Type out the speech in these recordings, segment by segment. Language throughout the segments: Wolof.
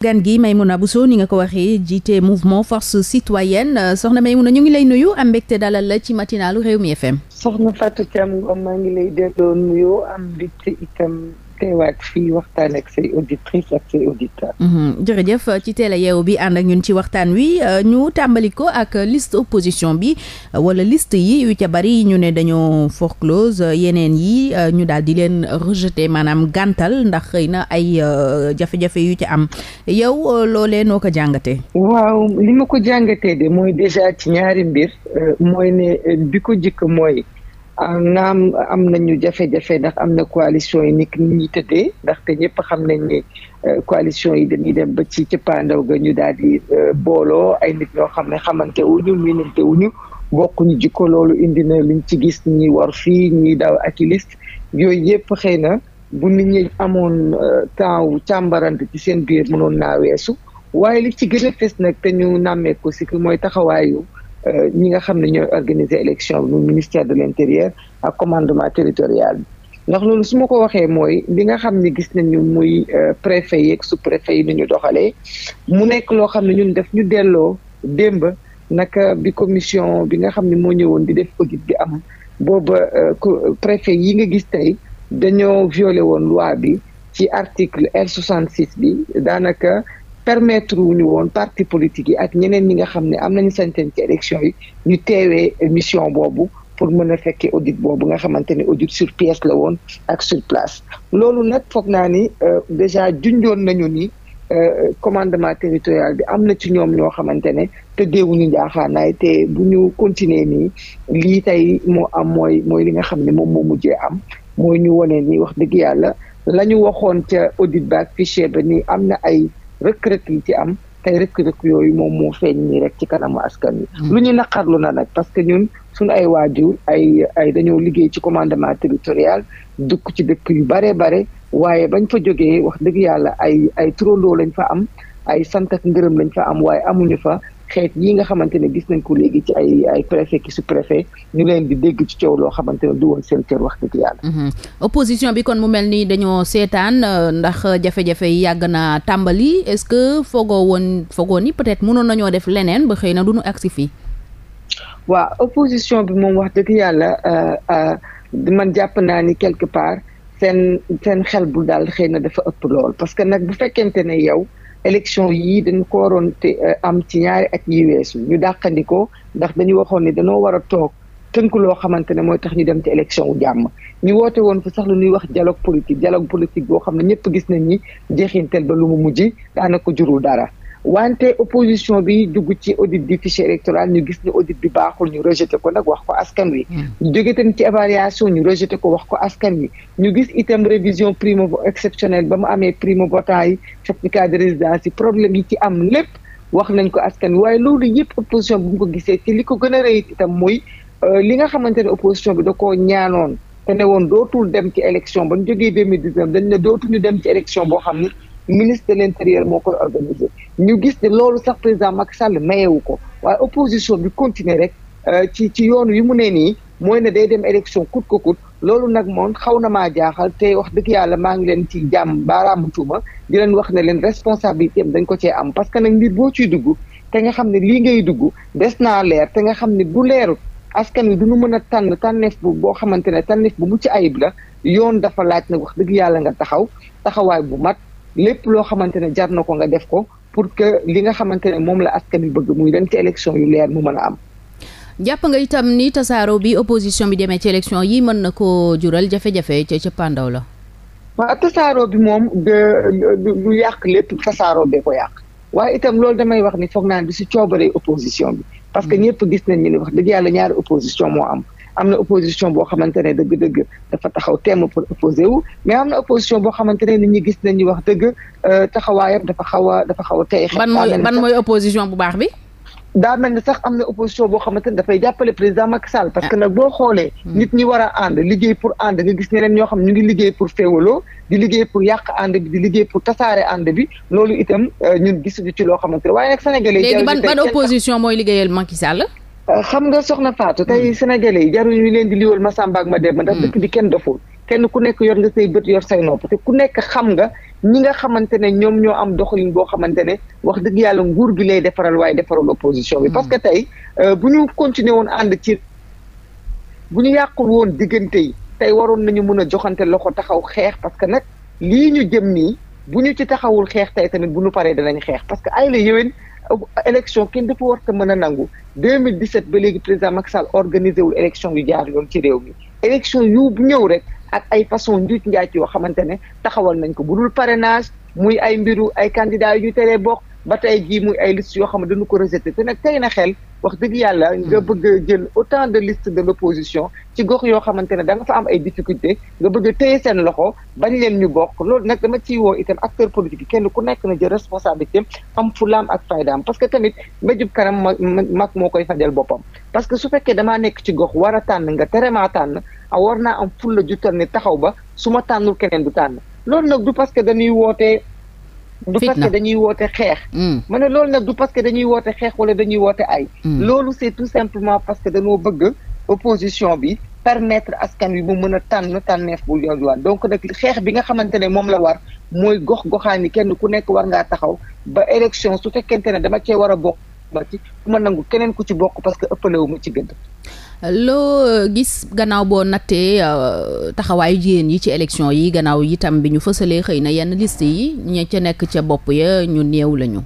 gan gi Maimouna Bousso ni nga ko waxee jiite mouvement force citoyenne soxna Maimouna ñu ngi lay nuyu am mbégte dalal la ci matinalu Rewmi FM soxna Fatou Thiam Ngom maa ngi lay delloo nuyoo am mbégte itam teewaat fii waxtaan ak say auditrice ak mhm. jërëjëf ci teel a yeewu bi ànd ak ñun ci waxtaan wi euh, ñu tàmbali ko ak liste opposition bi euh, wala liste yi yu ca bari ñu ne dañoo forclose euh, yeneen yi ñu daal di leen rejeté maanaam gantal ndax xëy na ay jafe-jafe yu ca am yow loole noo ko jàngatee. waaw li ma ko jàngatee de mooy déjà ci ñaari mbir mooy ne bi ko jëkk mooy. naam am nañu jafe-jafe ndax am na coalition yi nekk nit ñi ndax ndaxte ñëpp xam nañ ne euh, coalition yi dañuy dem ba ci cëppaandaw ga ñu daal di euh, booloo ay nit ñoo xam ne xamante wuñu miinante wuñu bokkuñu jikko loolu indi na liñ ci gis ñi war fii ñi daw ak i yooyu yëpp xëy na bu nit ñi amoon euh, temps wu càmbarante ci seen biir noon naa weesu waaye li ci gën a fës nag te ñu nàmmee ko si mooy taxawaayu. ñi nga xam ne ñoo organiser élection bi mu ministère de l'intérieur ak commandement territorial bi ndax loolu su ma ko waxee mooy bi nga xam ne gis nañu muy euh, préfet yeeg sous préfet yi ni ñu doxalee mu nekk loo xam ne ñun def ñu delloo démb naka bi commission bi nga xam ne moo ñëwoon di def audit bi am booba euh, préfet yi nga gis tey dañoo violé woon loi bi ci article R66 bi daanaka permettre wuñu woon parti politique yi ak ñeneen ñi nga xam ne am nañu santeen ci élection yi ñu teewee mission boobu pour mën a fekkee audit boobu nga xamante ne audit sur pièce la woon ak sur place loolu nag foog naa ni euh, déjà junjoon nañu ni euh, commandement territorial bi am na ci ñoom ñoo xamante ne tëddeewuñu njaaxaanaay te bu ñu continuer nii lii tey moo am mooy mooy li nga xam ne moom moo mujjee am mooy ñu wone ni wax dëgg yàlla la ñu waxoon ca audit ba ak am na ay rëkk-rëkk yi ci am tey rëkk-rëkk yooyu moom moo feeñ nii rek ci kanamu askan wi. Hmm. lu ñu naqarlu na nag parce que ñun suñu ay waajur ay ay dañoo liggéey ci commandement territorial dëkk ci dëkk yu bare bare waaye bañ fa jógee wax dëgg yàlla ay ay turandoo lañ fa am ay sant ak ngërëm lañ fa am waaye amuñu fa xeet yi nga xamante ne gis nañ ko léegi ci ay ay préfet ki sous-préfet ñu leen di dégg ci coow loo xamante ne du woon seen kër wax dëgg yàlla. Mhm. opposition bi kon mu mel ni dañoo seetaan euh, ndax jafe-jafe yi yàgg na tàmbali est-ce que foogoo woon foogoon ni peut-être mënoon nañoo def leneen ba xëy na du ñu agsi fii. waaw opposition bi moom wax dëgg yàlla euh, euh, man jàpp naa ni quelque part seen seen xel bu daal xëy na dafa ëpp lool parce que nag bu fekkente ne yow. élection yii dañu ko waroon eh, am ci ñaari at yi weesu ñu dàqandikoo ndax dañuy waxoon ne dañoo war a toog tënk loo xamante ne mooy tax ñu dem ci élection wu jàmm ñu woote woon fi sax lu ñuy wax dialogue politique dialogue politique boo xam ne ñëpp gis nañ ni jeexintel ba lu mu mujj daanaka jurul dara wante opposition bi dugg ci audit bi fichier électoral ñu gis ñu audit bi baaxul ñu rejeté ko nag wax ko askan wi. ñu hmm. jóge tamit ci évaluation ñu rejeté ko wax ko askan wi. ñu gis itam révision primo exceptionnelle ba mu amee primo votant yi certificat de résidence yi problème yi ci am lépp wax nañ ko askan wi waaye loolu yëpp opposition bi mu ko gisee ci li ko gën a rëy itam moy euh, li nga xamante ne opposition bi da koo ñaanoon te ne woon dootul dem ci élection ba ñu jógee deux mille dix neuf dañ ne dem ci élection boo xam ni. ministre de l' intérieur moo koy organiser ñu gis ne loolu sax président mak Sall mayewu ko waaye opposition bi continuer rek euh, ci ci yoon wi mu ne nii mooy ne day dem élection coûte ko coûte loolu nag moom xaw na maa jaaxal te wax dëgg yàlla maa ngi leen ci jàmm baaraamu tuuma di leen wax ne leen responsabilité am dañ ko cee am parce que nag mbir boo ciy dugg te nga xam ne lii ngay dugg des naa leer te nga xam ne bu leeru askan wi du ñu mën a tànn tànneef bu boo xamante ne tànneef bu mucc ayib la yoon dafa laaj nag wax dëgg yàlla nga taxaw lépp loo xamante ne jar na ko nga def ko pour que li nga xamante ne moom la askan wi bëgg muy dem ci élection yu leer mu mën a am. jàpp nga itam ni tasaaroo bi opposition bi demee ci élection yi mën na koo jural jafe-jafe ca ca la. waaw tasaaroo bi moom lu yàq lépp tasaaroo bee ko yàq waaye itam loolu damay wax ni foog naa bi si coobaree opposition bi. parce que mm. ñëpp gis nañ ni wax dëgg yàlla ñaar opposition moo am. am na opposition boo xamante ne dëgg-dëgg dafa taxaw temm pour wu mais am na opposition boo xamante ne nit ñi gis nañu wax dëgg euh, taxawaayam dafa xaw a dafa xaw a tey. ban mooy ban mooy opposition bu baax bi. daa mel ni sax am na opposition boo xamante ne dafay jàppale président Macky saal parce que ah. nag boo xoolee. Hmm. nit ñi war a ànd liggéey pour ànd nga gis ñeneen ñoo xam ñu ngi liggéey pour féewaloo di liggéey pour yàq ànd bi di liggéey pour tasaare ànd bi loolu itam euh, ñun gis ci loo xamante ne waaye nag sénégalais. léegi ban ban opposition mooy liggéeyal Macky xam nga soxna Fatou tey hmm. sénégalais yi jarul ñu leen di liwal ma Samba ma Demba ndax hmm. dëkk bi kenn doful kenn ku nekk yor nga say bët yor say nopp te ku nekk xam nga ñi nga xamante ne ñoom ñoo am doxalin boo xamante ne wax dëgg yàlla nguur bi lay defaral waaye defaral opposition bi hmm. parce que tey euh, bu ñu continuer woon ànd ci bu ñu yàqul woon diggante yi tey waroon nañu mën a joxante loxo taxaw xeex parce que nag lii ñu jëm nii bu ñu ci taxawul xeex tey tamit bu ñu paree danañ xeex parce que ay la yéwén élection kenn dafa war a mën a nangu 2017 ba léegi président Macky Sall organisé wul élection yu jaar yoon ci réew mi élection yu ñëw rek ak ay façon njuuj njaaj yoo xamante ne taxawal nañ ko bu dul parrainage muy ay mbiru ay candidats yu ñu teree bokk ba tey jii muy ay liste yoo xam ne dañu ko rejeté te nag tey na xel wax dëgg yàlla hmm. nga bëgg jël autant de listes de l'opposition ci gox yoo xamante ne da nga fa am ay difficulté nga bëgg a téye seen loxo bañ leen ñu bokk loolu nag dama ciy woo itam acteur politique kenn ku nekk na jël responsabilité am fulaam ak faydaam parce que tamit ma jub kanam ma mag moo koy fajal boppam parce que su fekkee damaa nekk ci gox war a tànn nga terema tànn a war naa am fulla juttal ni taxaw ba su ma tànnul keneen du tànn du parce que dañuy woote xeex mm. ma ne loolu nag du parce que dañuy woote xeex wala dañuy woote ay mm. loolu c'est tout simplement parce que dañoo bëgg opposition bi permettre askan wi mu mën a tànn tànneef bu yoon waan donc nag xeex bi nga xamante ne moom la war mooy gox goxaan yi kenn ku nekk war ngaa taxaw ba élection su fekkente ne dama cee war a bokk ma ma nangu keneen ko ci bokk parce que ëppalewu ma ci gëdd loo gis gannaaw boo nattee uh, taxawaayu jigéen yi ci élection yi gannaaw itam bi ñu fësalee xëy na yenn liste yi ña ca nekk ca bopp ya ñu néew lañu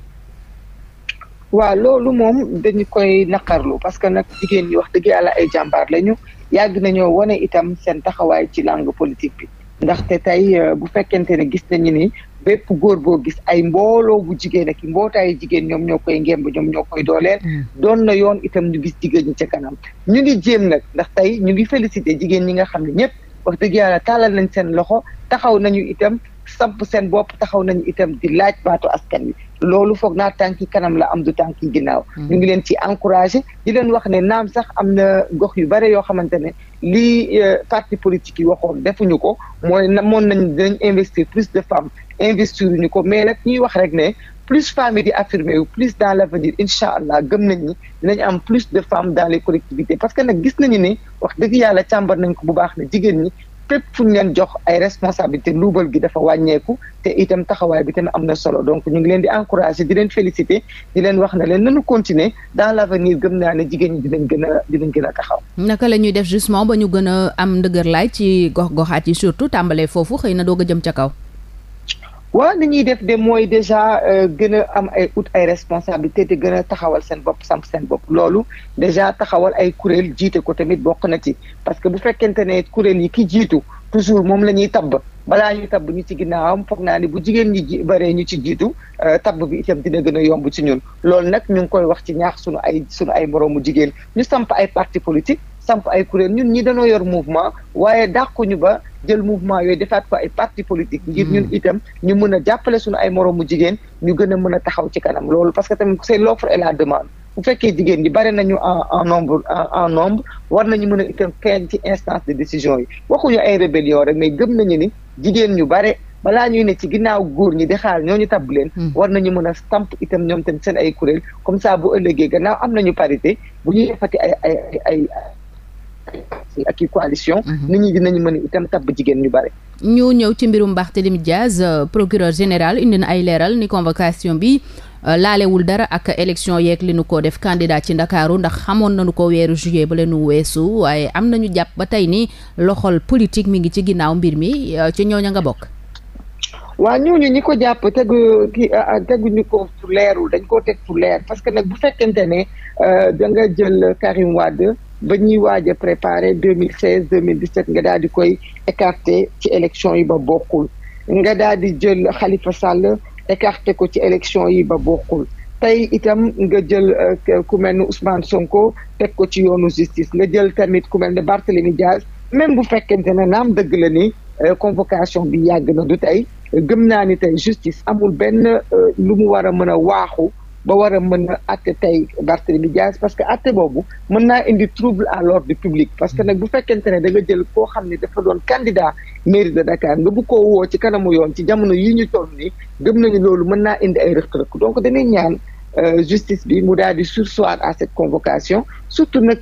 waa loolu moom dañu koy naqarlu parce que nag jigéen ñi wax dëgg yàlla ay jàmbaar lañu yàgg nañoo wane itam seen taxawaay ci langue politique bi ndaxte tey euh, bu fekkente ne gis nañu ni bépp góor boo gis ay mbooloo bu jigéen ak mbootaayu jigéen ñoom ñoo koy ngemb ñoom ñoo koy dooleel. Mm. doon na yoon itam ñu gis jigéen ñi ca kanam. ñu ngi jéem nag ndax tey ñu ngi félicité jigéen ñi nga xam ne ñëpp wax dëgg yàlla tàllal nañ seen loxo taxaw nañu itam samp seen bopp taxaw nañu itam di laaj baatu askan wi. loolu foog naa tànki kanam la am du tànki ginnaaw. Mm. ñu ngi leen ci encouragé di leen wax ne naam sax am na gox yu bare yoo xamante ne lii euh, parti politique yi waxoon defuñu ko mooy namoon nañ dinañ investir plus de femmes. investir ñu ko mais nag ñuy wax rek ne plus femmes yi di affirmer wu plus dans l'avenir incha allah gëm nañ ni dinañ am plus de femmes daal les collectivités parce que nag gis nañu ni wax dëgg yàlla càmbar nañ ko bu baax ne jigéen ñi fépp fu ñu jox ay responsabilité luubal gi dafa wàññeeku te itam taxawaay bi tamit am na solo donc ñu ngi leen di encourager di leen féliciter di leen wax na leen nañu continuer dans l'avenir gëm naa ne jigéen ñi dinañ gën a dinañ gën a taxaw. naka la ñuy def justement ba ñu gën a am ndëgër laay ci gox-goxaat yi surtout tàmbalee foofu xëy na doog jëm ca kaw. waa ni ñuy def de mooy déjà euh, gën a am ay ut ay responsabilité te gën a taxawal seen bopp samp seen bopp loolu déjà taxawal ay kuréel jiite ko tamit bokk na ci parce que bu fekkente ne kuréel yi ki jiitu toujours moom la ñuy tabb balaa ñuy tabb ñu ci ginnaawam foog naa ni bu jigéen ñi ji baree ñu ci jiitu euh, tab bi itam dina gën a yomb ci ñun loolu nag ñu koy wax ci ñaax sunu ay sunu ay moroomu jigéen ñu samp ay parti politique samp ay kuréel ñun ñi dañoo yor mouvement waaye dàquñu ba jël mouvement yooyu defaat ko ay parti politique ngir ñun hmm. itam ñu mën a jàppale suñu ay moroomu jigéen ñu gën a mën a taxaw ci kanam loolu parce que tamit c'est l'offre et la demande bu fekkee jigéen ñi bari nañu en en nombre en nombre war nañu mën a itam feeñ ci instance de décision yi waxuñu ay rébellion rek mais gëm nañu ni jigéen ñu bare balaa ñu ne ci ginnaaw góor ñi di xaar ñooñu tabb leen. Hmm. war nañu mën a itam ñoom tam seen ay kuréel comme ça bu ëllëgee gannaaw am nañu parité bu ñuy defati ay ay ay. ak i coalition mhm. nit ñi dinañu mën itam tabb jigéen ñu bare ñu ñëw ci mbirum Barthélémy Diaz euh, procureur général indi na ay leeral ni convocation bi euh, laalewul dara ak élection yeeg li nu ko def candidat ci ndakaaru ndax xamoon nañu ko weeru juillet ba leenu weesu waaye am nañu jàpp ba tey ni loxol politique mi ngi ci ginnaaw mbir mi euh, ci ñooña nga bokk waa ñooñu ñi ko jàpp tegu ki teguñu ko fu leerul dañ koo teg fu leer parce que nag bu fekkente ne da nga ba ñuy waaj a préparer deux mille seize deux mille dix sept nga daal di koy écarter ci élection yi ba bokkul nga daal di jël Khalifa Sall écarter ko ci élection yi ba bokkul tey itam nga jël euh, ku mel ne Ousmane Sonko teg ko ci yoonu justice nga jël tamit ku mel ne Barthélémy Diaz même bu fekkente ne naam dëgg la ni euh, convocation bi yàgg na du tey gëm naa ni tey justice amul benn euh, lu mu war a mën a waaxu ba war a mën a àtte tey Barthélémy Dias parce que àtte boobu mën naa indi trouble à l'ordre public parce que nag bu fekkente ne da jël koo xam ne dafa doon candidat mairie de Dakar nga bu ko woo ci kanamu yoon ci jamono yi ñu toll nii gëm nañu loolu mën naa indi ay rëq-rëq donc dañuy ñaan euh, justice bi mu daal di surseoir à cette convocation surtout nag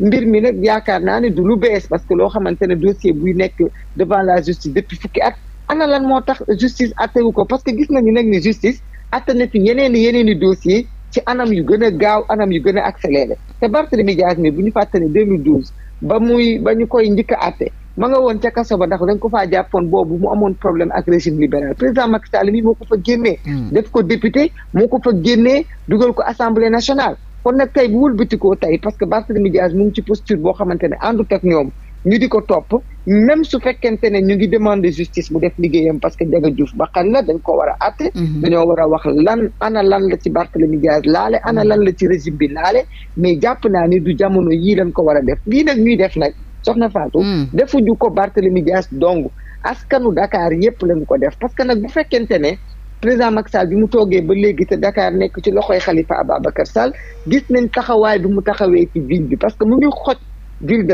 mbir mi nag yaakaar naa ne du lu bees parce que loo xamante ne dossier buy nekk devant la justice depuis fukki at ana lan moo tax justice àttewu ko parce que gis nañu nag ni justice attana fi yeneen i yeneen i dossier ci anam yu gën a gaaw anam yu gën a accéléré te Barthélemy Diaz mi bu ñu fàttali 2012 ba muy ba ñu koy njëkk a àtte nga woon ca kaso ba ndax dañ ko faa jàppoon boobu mu amoon problème ak régime libéral président Macky Sall mi moo ko fa génnee. Hmm. def ko député moo ko fa génnee dugal ko assemblée nationale. kon nag tey bu wëlbatikoo tey parce que Barthélemy Diaz mu ngi ci posture boo xamante ne àndut ak ñoom ñu di ko topp. même su fekkente ne ñu ngi demander justice mu def liggéeyam parce que Ndiaga Diouf bakkan la dañ ko war a àtte mhm. dañoo war a wax lan ana lan la ci Barthélémy Dias laale ana mhm. lan la ci régime bi laale mais jàpp naa ni du jamono yii lañ ko war a def lii nag ñuy def nag soxna Fatou mhm. defuñu ko Barthélémy Dias dong askanu Dakar yépp lañ ko def parce que nag bu fekkente ne président Macky Sall bi mu toogee ba léegi te Dakar nekk ci loxoy Khalifa Ababacar Sall gis nañ taxawaay bi mu taxawee ci bi parce que mu ngi xoj ville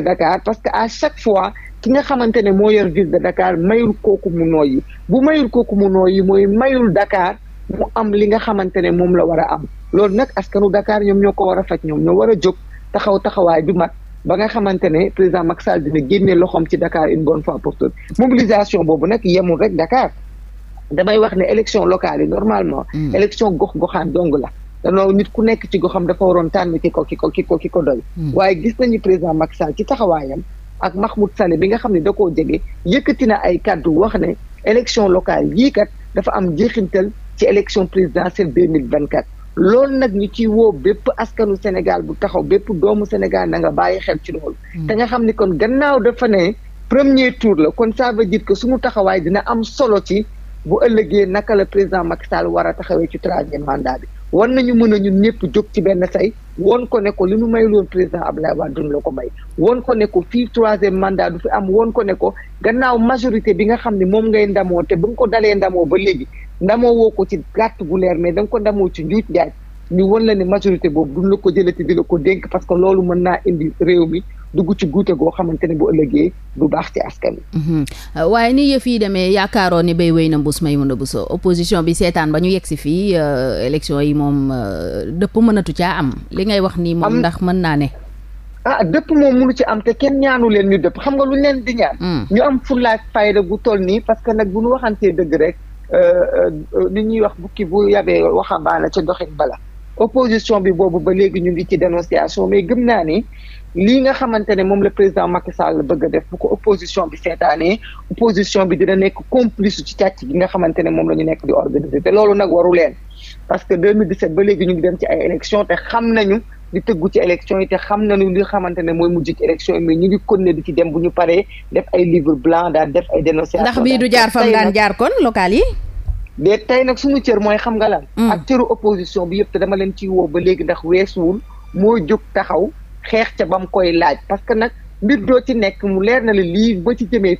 parce que à chaque fois ki nga xamante ne moo yor ville de Dakar mayul kooku mu yi bu mayul kooku mu nooyi mooy mayul Dakar mu am li nga xamante ne moom la war a am loolu nag askanu Dakar ñoom ñoo ko war a faj ñoom ñoo war a jóg taxaw taxawaay bi mag ba nga xamante ne président Macky Sall dina génne loxoom ci Dakar une bonne fois pour toutes mobilisation boobu nag yemul rek Dakar damay wax ne élection locale yi normalement. Hmm. élection gox-goxaan dong la. danoo nit ku nekk ci goxam dafa waroon tànn ki ko ki ko ki ko ki hmm. waaye gis nañu président Macky Sall ci taxawaayam. ak Mahmoud Saleh bi nga xam ne da koo jege yëkkati na ay kàddu wax ne élection locale yii kat dafa am jeexintal ci élection présidentielle deux mille vingt quatre loolu nag ñu ci woo bépp askanu Sénégal bu taxaw bépp doomu Sénégal na nga bàyyi xel ci loolu. Hmm. te nga xam ni kon gannaaw dafa premier tour la kon ça veut dire que taxawaay dina am solo ci bu ëllëgee naka la président Macky Sall war a taxawee ci troisième mandat bi. war ñu mën a ñun ñëpp jóg ci benn say woon ko ne ko li ñu may loon président Abdoulaye Wade duñ la ko may woon ko ne ko fii troisième mandat du fi am woon ko ne ko gannaaw majorité bi nga xam ne moom ngay ndamoo te ba nga ko dalee ndamoo ba léegi ndamoo woo ko ci gàtt gu leer mais da ko ndamoo ci njuut njaaj ñu won la ne majorité boobu duñ la ko jëlati di la ko dénk parce que loolu mën naa indi réew mi dugg ci guute goo xamante ne bu ëllëgee du baax ci askan wi. Mhm. waaye ni yëf yi demee yaakaaroon ni bay wéy na mbuus may mën a buso opposition bi seetaan ba ñu yegg si fii euh, élection yi moom euh, dëpp mënatu caa am li ngay wax nii moom ndax mën naa ne. ah dëpp moom mënu ci am te kenn ñaanu leen ñu dëpp xam nga lu leen di ñaan. Mm. ñu am fullaak fayda gu toll nii parce que nag bu ñu waxantee dëgg rek li euh, ñuy wax bukki bu yabee waxambaane ca doxin bala. opposition bi boobu ba léegi ñu ngi ci dénonciation mais gëm naa ni lii nga xamante ne moom la président Macky Sall bëgg a def bu ko opposition bi seetaanee opposition bi dina nekk complice ci càcc gi nga xamante ne moom la ñu nekk di organiser te loolu nag waru leen parce que 2017 ba léegi ñu ngi dem ci ay élection te xam nañu di tëggu ci élection yi te xam nañu li xamante ne mooy mujj ci élection yi mais ñu ngi continuer di ci dem bu ñu paree def ay livre blanc daal def ay dénonciation ndax bii du jaar fam daan jaar kon local yi mais tey nag suñu cër mooy xam nga lan. Mm. ak cëru opposition bi yëpp dama leen ciy woo ba léegi ndax weesuwul moo jóg taxaw xeex ca ba mu koy laaj parce que nag mbir doo ci nekk mu leer na la lii ba ci jëmee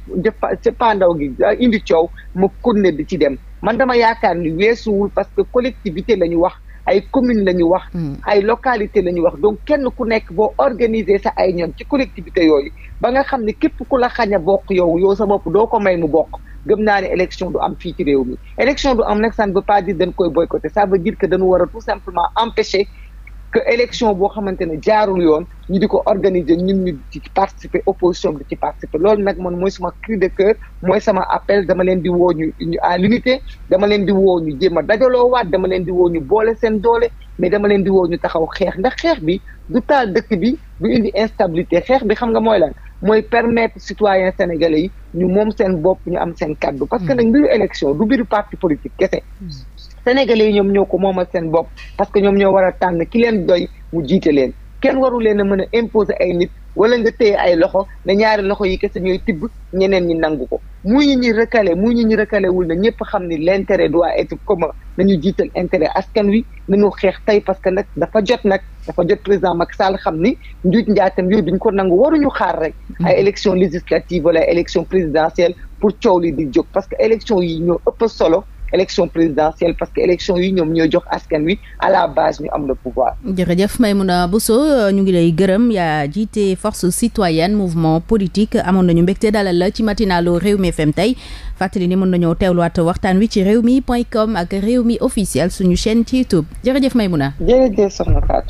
ca pandaw gi ah, indi coow mu kunne di ci dem man dama yaakaar ni weesuwul parce que collectivité la ñu wax. ay commune la ñu wax mm. ay localité la ñu wax donc kenn ku nekk boo organiser sa ay ñoom ci collectivité yooyu ba nga xam ne képp ku la xañ a bokk yow yow sa bopp doo ko may mu bokk gëm naa ne élection du am fii ci réew mi élection du am nag ça ne veut pas dire dañ koy boy boycotter sa veut dire que dañu war a tout simplement empêcher que élection boo xamante ne jaarul yoon ñu di ko organiser ñu ci participer opposition bi ci participer loolu nag moom mooy sama cri de cœur mooy sama appel dama leen di woo ñu ñu à l'unité dama leen di woo ñu jéem a dajaloowaat dama leen di woo ñu boole seen doole mais dama leen di woo ñu taxaw xeex ndax xeex bi du taal dëkk bi du indi instabilité xeex bi xam nga mooy lan mooy permettre citoyen sénégalais yi ñu moom seen bopp ñu am seen kàddu parce que hmm. nag mbiru élection du mbiru parti politique kese. Hmm. sénégalais yi ñoom ñoo ko moom moomal seen bopp parce que ñoom ñoo war a tànn ki leen doy mu jiite leen kenn waru leen a mën a imposer ay nit wala nga téye ay loxo ne ñaari loxo yi kese ñooy tibb ñeneen ñi nangu ko muy ñi recalé muy ñi recalé wul na ñëpp xam ni l' intérêt doit être commun nañu jiital intérêt askan wi. nañu xeex tey parce que nag dafa jot nag dafa jot président Macky Sall xam ni njuuj njaatam yooyu duñ ko nangu waruñu xaar rek mm-hmm. ay élection législative wala élection présidentielle pour coow li di jóg parce que élection yi ñoo ëpp solo élection présidentielle parce que élection yi ñoom ñoo jox askan wi à la base ñu am le pouvoir. jërëjëf Maimouna Bousso ñu ngi lay gërëm yaa jiite force citoyenne mouvement politique amoon nañu mbégte dalal la ci matinalu Rewmi FM tey fàttali ni mën nañoo teewluwaat waxtaan wi ci réew rewmi point com ak réew Rewmi officiel suñu chaîne ci YouTube jërëjëf Maimouna. jërëjëf soxna